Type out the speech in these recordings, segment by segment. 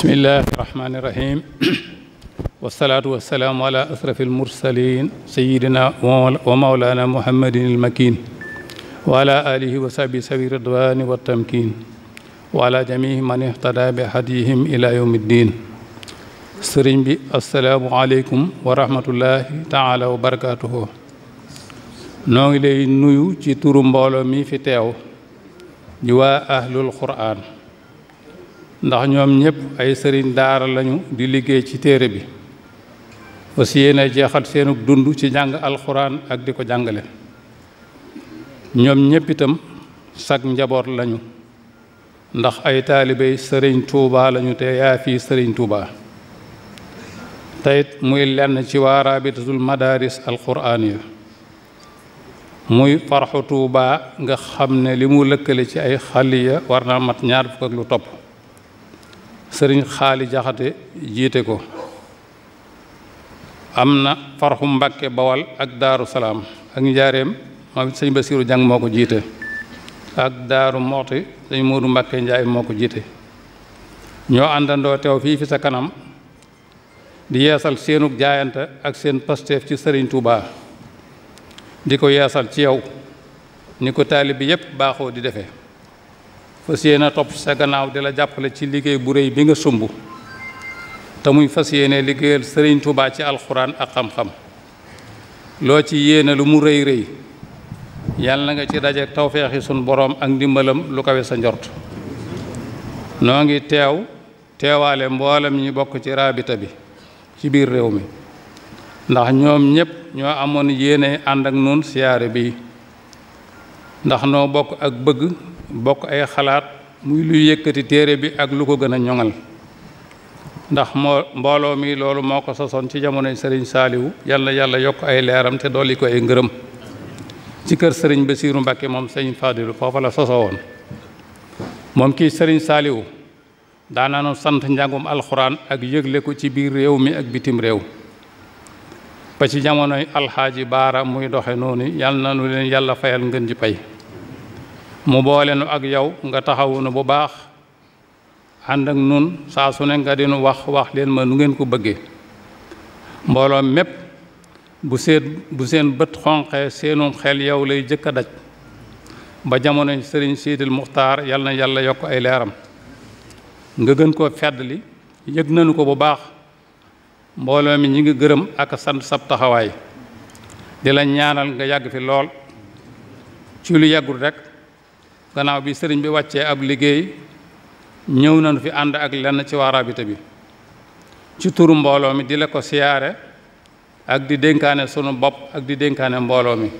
بسم الله الرحمن الرحيم والصلاة والسلام على أشرف المرسلين سيدنا ومولانا محمد المكين وعلى آله وصحبه سبيل الرضوان والتمكين وعلى جميع من اهتدى بهديهم إلى يوم الدين سرين بي السلام عليكم ورحمة الله تعالى وبركاته noo لي نيو تي تورو مبولو مي في تيو teew di ndax ñoom ñëpp ay sëriñ daara lañu di liggéey ci téere bi aussi yéene jeexal seenug dund ci jàng alxuraan ak di ko jàngale ñoom ñëpp itam sag njaboot lañu ndax ay taalibey sëriñ tuuba lañu te yaa fii sëriñ tuuba teyit muy lenn ci waa raabitatul madaaris alxuraan yi muy farxu tuuba nga xam ne li mu lëkkale ci ay xaliya war na mat ñaar fukk ak lu topp sëriñ xaali jaxate jiite ko am na farxu mbàkke bawal ak daaru salaam ak njaareem moom it sëñ basiiru jàng moo ko jiite ak daaru moxti sëñ muudu mbàkke njaay moo ko jiite ñoo àndandoo teew fii fi sa kanam di yeesal seenu jaayante ak seen pasteef ci sëriñ Touba di ko yeesal ci yow ni ko taali bi yépp baaxoo di defe fas yéene topp sa gannaaw di la jàppale ci liggéey bu réy bi nga sumb te muy fas yéene liggéeyal sëriñ Tuubaa ci alxuraan ak xam-xam loo ci yéene lu mu rëy rëy yàlla na nga ci daje tawfeexi sun boroom ak ndimbalam lu kawe sa njort noo ngi teew teewale mboolam ñi bokk ci raabita bi ci biir réew mi ndax ñoom ñépp ñoo amoon yéene ànd ak nun siyaare bi ndax noo bokk ak bëgg bokk ay xalaat muy luy yëkkati téere bi ak lu ko gën a ñoŋal ndax moo mbooloo mi loolu moo ko sosoon ci jamonoy sëriñ saaliwu yàlla yàlla yokk ay leeram te dolli ko ay ngërëm ci kër sëriñ ba Basiiru Mbàkke moom sëriñ Faadilu foofa la soso woon moom kii sëriñ saaliwu daanaanu sant njàngum alxuraan ak yëgle ko ci biir réew mi ak bitim réew ba ci jamonoy alxaaji baara muy doxe noonu yàlla na nu leen yàlla fayal ngën ji pay mu boole nu ak yow nga taxaw nu bu baax ànd ak nun saa su ne nga di nu wax wax leen ma nu ngeen ko bëggee mbooloo mépp bu seen bu seen bët xonqee seenu xel yow lay jëkk a daj ba jamono sëriñ Siidil Muxtaar yalna na yàlla yokk ay leeram nga gën koo feddali yëg nañu ko bu baax mbooloo mi ñi ngi gërëm ak sant sab taxawaay di la ñaanal nga yàgg fi lool ci lu yàggul rek gannaaw bi sëriñ bi wàccee ab liggéey ñëw nañu fi ànd ak lenn ci waa rabita bi ci turu mbooloo mi di la ko siyaare ak di dénkaane sunu bopp ak di dénkaane mbooloo mi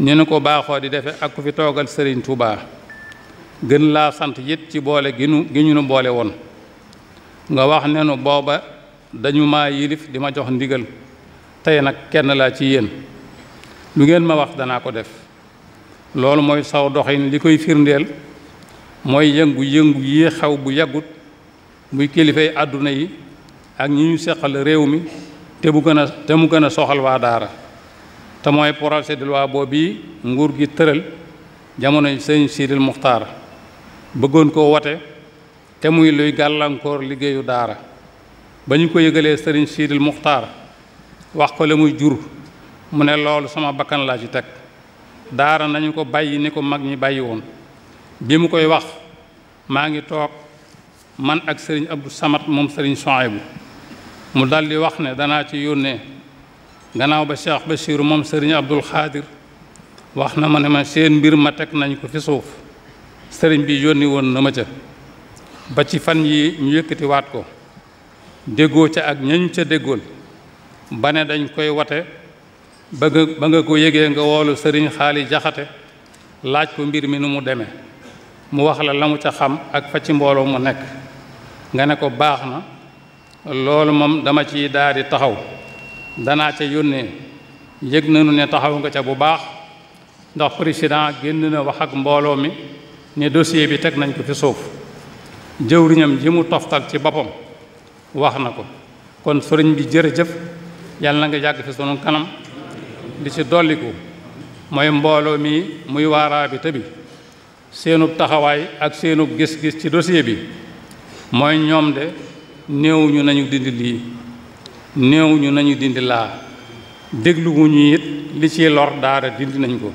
ñu ne ko baaxoo di defe ak ku fi toogal sëriñ tubaa gën laa sant yit ci boole gi nu gi ñu nu boole woon nga wax ne nu booba dañu ma yilif di ma jox ndigal tey nag kenn laa ci yéen lu ngeen ma wax danaa ko def loolu mooy saw doxin li koy firndeel mooy yëngu-yëngu yi xew bu yàggut muy kilifay àdduna yi ak ñi ñu seqal réew mi te bu gën a te mu gën a soxal waa daara te mooy projet de loi boobu bi nguur gi tëral jamono sëñ Sidil Muxtaar bëggoon ko wote te muy luy gàllankoor liggéeyu daara ba ñu ko yëgalee sëriñ Sidil Muxtaar wax ko la muy jur mu ne loolu sama bakkan laa ci teg daara nañu ko bàyyi ni ko mag ñi bàyyi woon bi mu koy wax maa ngi toog man ak sëriñ Abdou Samad moom sëriñ bu mu daldi wax ne danaa ci yónnee gannaaw ba ba Bachir moom sëriñ Abdul Xaadir wax na ma ne ma seen mbir ma teg nañ ko fi suuf sëriñ bi yónni woon na ma ca ba ci fan yi ñu yëkkatiwaat ko déggoo ca ak ñañ ca déggoon ba ne dañ koy wate ba nga ba nga ko yégee nga woolu sëriñ xaali jaxate laaj ko mbir mi nu mu demee mu wax la la ca xam ak fa ci mbooloo mu nekk nga ne ko baax na loolu moom dama ci daal di taxaw danaa ca yónnee yëg nañu ne taxaw nga ca bu baax ndax président génn na wax ak mbooloo mi ne dossier bi teg nañ ko fi suuf jëwriñam ji mu toftal ci boppam wax na ko kon sëriñ bi jërëjëf yàlla nga yàgg fi sunu kanam li ci ko mooy mbooloo mi muy waaraabi te bi seenub taxawaay ak seenub gis-gis ci dossier bi mooy ñoom de néewuñu nañu dindi lii néewuñu nañu dindi laa dégluwuñu it li ci lor daara dindi nañ ko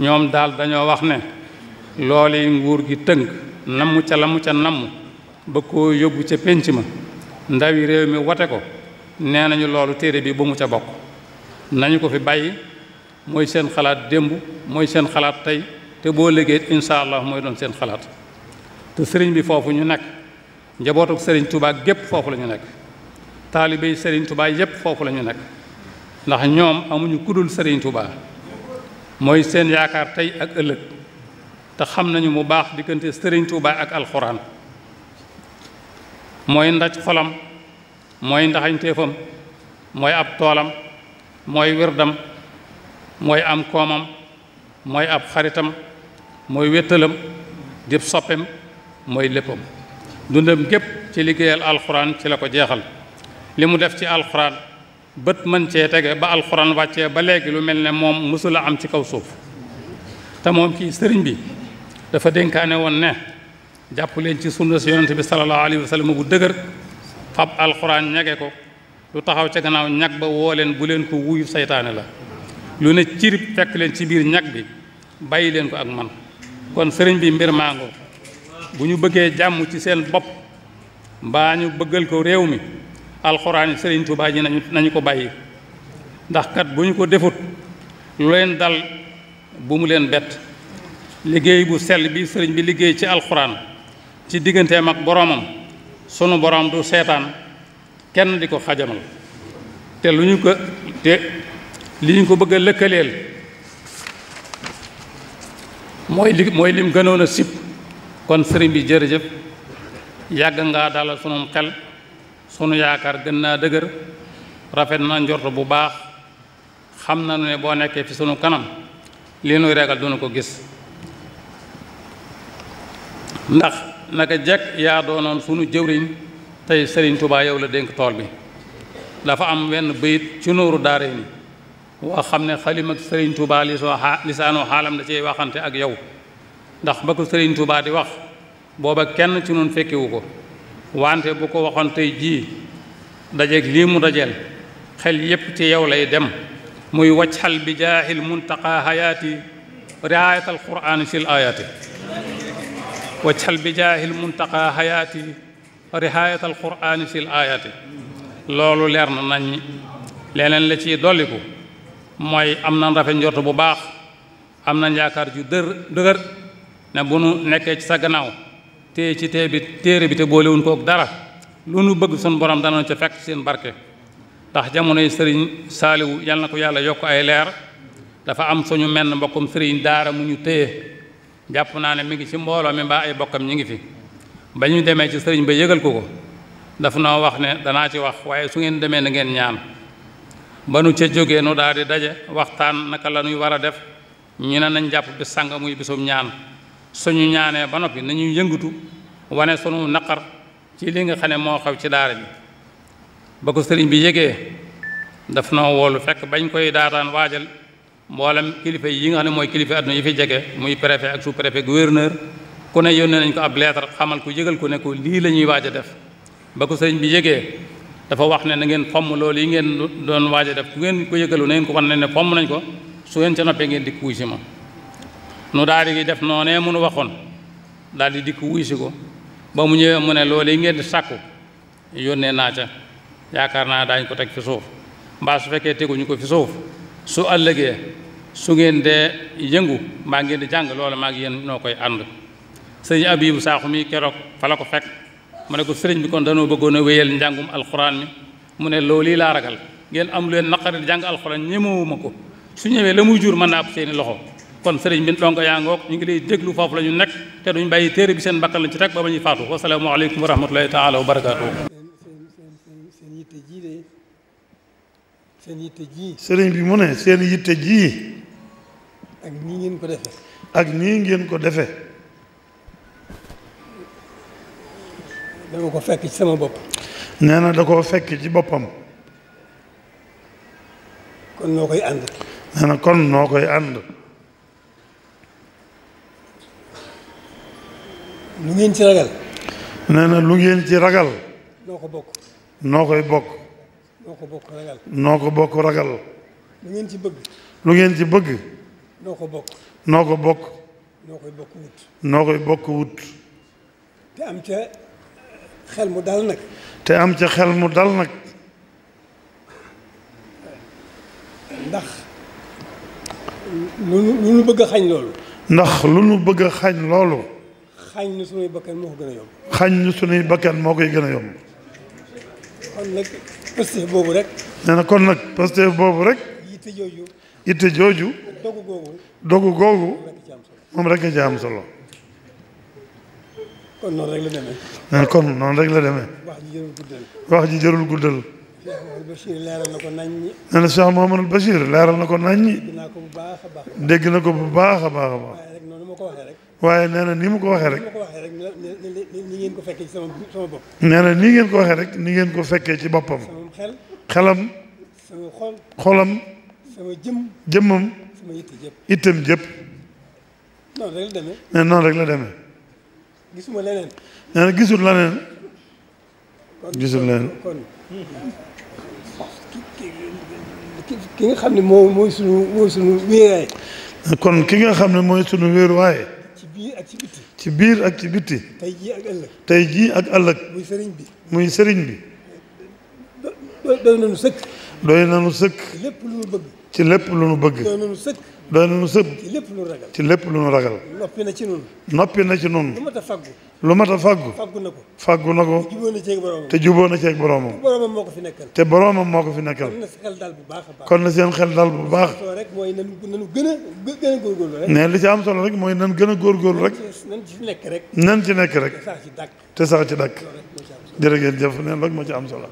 ñoom daal dañoo wax ne loole nguur gi tënk namm ca la ca namm ba koo yóbbu ca pénc ma ndawi réew mi wate ko nee nañu loolu téere bi ba mu ca bokk nañ ko fi bàyyi mooy seen xalaat démb mooy seen xalaat tey te boo liggéey incha allah mooy doon seen xalaat te sëriñ bi foofu ñu nekk njabootuk sëriñ tubaa gépp foofu la ñu nekk taalibe yi sëriñ tubaa yépp foofu la ñu nekk ndax ñoom amuñu kudul sëriñ tubaa mooy seen yaakaar tey ak ëllëg te xam nañu mu baax diggante sëriñ tubaa ak alquran mooy ndaj xolam mooy ndaxañ téefam mooy ab toolam mooy wirdam mooy am koomam mooy ab xaritam mooy wéttalam di soppem mooy léppam dundam gépp ci liggéeyal alxuraan ci la ko jeexal li mu def ci alxuraan bët mën cee tege ba alxuraan wàccee ba léegi lu mel ne moom mësula am ci kaw suuf te moom kii sëriñ bi dafa dénkaane woon ne jàpp leen ci sunna si yonente bi sallallahu alayhi wa sallam bu dëgër fab alxuraan ñage ko lu taxaw ca gannaaw ñag ba woo leen bu leen ko wuyu seytaane la lu ne cirib fekk leen ci biir ñag bi bàyyi leen ko ak man kon sëriñ bi mbir maango bu ñu bëggee jàmm ci seen bopp mbaa ñu bëggal ko réew mi alxuraan sëriñ Tuubaa ji nañu ko bàyyi ndax kat bu ñu ko defut lu leen dal bu mu leen bett liggéey bu sell bi sëriñ bi liggéey ci alxuraan ci digganteem ak boroomam sunu boroom du seetaan kenn di ko xajamal te lu ñu ko te li ñu ko bëgg lëkkaleel mooy li mooy lim gënoon a sib kon sëriñ bi jërëjëf yàgg ngaa dalal sunum xel sunu yaakaar gën naa dëgër rafet na njorto bu baax xam na ne boo nekkee fi sunu kanam li nuy regal dunu ko gis ndax naka jekk yaa doonoon sunu jëwriñ tay Serigne Touba yow la dénk tol bi dafa am wenn beuyit ci nooru daare ni wa xamne ne ak Serigne Touba li ha lisanu halam da ci waxante ak yow ndax ba ko Serigne Touba di wax boba kenn ci non fekkiwu wuko wante bu ko waxon tay ji dajje ak limu dajel xel yep ci yow lay dem muy waccal bi jahil muntaqa hayati riayat al fil ayati l bi jahil muntaqa hayati rihayatal qur'ani fil ayati loolu leer na nañ leneen la ci dolliku mooy am na rafet njort bu baax am na yaakaar ju dër dëgër ne bu nu nekkee ci sa gannaaw te ci tee bi téere bi te boolewuñ ko ak dara lu nu bëgg suñ borom danañ ca fekk seen barke ndax jamonoy sëriñ saaliwu yal na ko yàlla yokk ay leer dafa am suñu menn mbokkum sëriñ daara mu ñu téye jàpp naa ne mi ngi ci mbooloo mi mbaa ay bokkam ñi ngi fi ba ñu demee ci sëriñ ba yëgal ko ko daf noo wax ne danaa ci wax waaye su ngeen demee na ngeen ñaan ba nu ca jógee nu daal di daje waxtaan naka la ñuy war a def ñu ne nañ jàpp bis sàng muy bisum ñaan suñu ñaanee ba noppi nañu yëngatu wane sunu naqar ci li nga xam ne moo xew ci daara bi ba ko sëriñ bi yëgee daf noo woolu fekk bañ koy daataan waajal mboolem kilifa yi nga xam ne mooy kilifa àdduna yi fi jege muy préfet ak sous préfet gouverneur ku ne yónnee nañ ko ab leetar xamal ko yëgal ko ne ko lii la ñuy waaj a def ba ko sëriñ bi yëgee dafa wax ne na ngeen fomm loolu yi ngeen doon waaja def ku ngeen ko yëgalu na ngeen ko wan ne ne fomm nañ ko su ngeen ca noppee ngeen dikk wuy ma nu daal di def noonee mu nu waxoon daal di dikk wuy si ko ba mu ñëwee mu ne loolu yi ngeen di sàkku yónnee naa ca yaakaar naa daañ ko teg fi suuf mbaa su fekkee teguñu ko fi suuf su ëllëgee su ngeen dee yëngu mbaa ngeen di jàng loola maa ngi yéen noo koy ànd sëriñ Abibu Saaxu mi keroog fa la ko fekk mu ne ko sëriñ bi kon danoo bëggoon a wéyal njàngum alxuraan mi mu ne loolu lii laa ragal ngeen am lu leen naqari jàng alxuraan ñemewuma ko su ñëwee la muy jur mën naa ab seeni loxo kon sëriñ bi donc yaa ngoog ñu ngi lay déglu foofu la ñu nekk te duñ bàyyi téere bi seen bakkan lañ ci teg ba ba ñuy faatu wasalaamaaleykum wa rahmatulahi taala wa barakaatu. seen yitte ji sëriñ bi mu ne seen yitte ji. ak nii ngeen ko defee. ak nii ngeen ko defee. dama fekk sama bopp. nee da koo fekk ci boppam. kon noo koy ànd. nee kon noo koy ànd. lu ngeen ci ragal. nee na lu ngeen ci ragal. noo ko bokk. noo koy bokk. noo ko bokk ragal. noo ko bokk ragal. lu ngeen ci bëgg. lu ci bëgg. noo ko bokk. noo bokk. noo koy xel mu dal nag. te am ca xel mu dal nag. ndax lu nu lu bëgg a xañ loolu. ndax lu nu bëgg a xañ loolu. xañ nu sunuy bakkan moo ko gën bakkan moo koy gën a yomb. kon nag pësteef boobu rek. nee na kon nag pësteef boobu rek. yitte jooju. jooju. dogu googu. dogu googu moom rek nga ci am solo. kon noonu rek la demee. kon noonu rek la demee. wax ji jërul guddal. wax ji jërul guddal. Bachir na ko naññi. nee bu baax dégg na ko bu baax a baax a baax. waaye nee na ni mu ko waxee rek. ni ngeen ko nee na ni ko waxee rek ni ngeen ko fekkee ci boppam. xelam. sama xol rek la deme gisuma leneen. nee na gisul ki nga xam ne mooy sunu mooy sunu wéeraay. kon ki nga xam ne mooy sunu wéeruwaay. ci biir ak ci bitti. ci jii ak ëllëg. tey jii ak ëllëg. muy sëriñ bi. muy sëriñ bi. doy na nu sëkk. doy na nu sëkk. lu nu ci lépp lu nu bëgg. doy na nu sëkk. ci lépp lu nu ragal. ci noppi na ci nun noppi na ci nun lu mat a fàggu. lu mat na ko. te jubóo na ceeg boromam. te boromam moo ko fi nekkal. kon na seen xel daal bu baax a kon na seen xel daal bu baax. li ci am solo rek mooy nan gën a góor góor rek. nan ci nekk rek. te sax ci dàkk. jërëjëf neen rek moo ci am solo.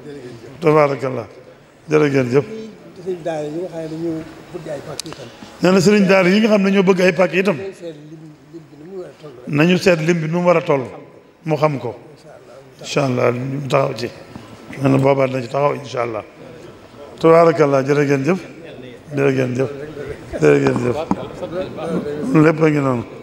tabaarakallah jërëjëf sëriñ daara yi nga xam ne dañoo bëgg ay itam. na sëriñ daara yi nga xam ne dañoo bëgg ay pàkk itam. nañu seet lim bi mu war a toll. mu xam ko. incha allah ñu taxaw ci. nee na boobaa dinañ ci taxaw incha allah. tabaarakallah jërë ngeen jëf. jërë ngeen jëf jërë ngeen jëf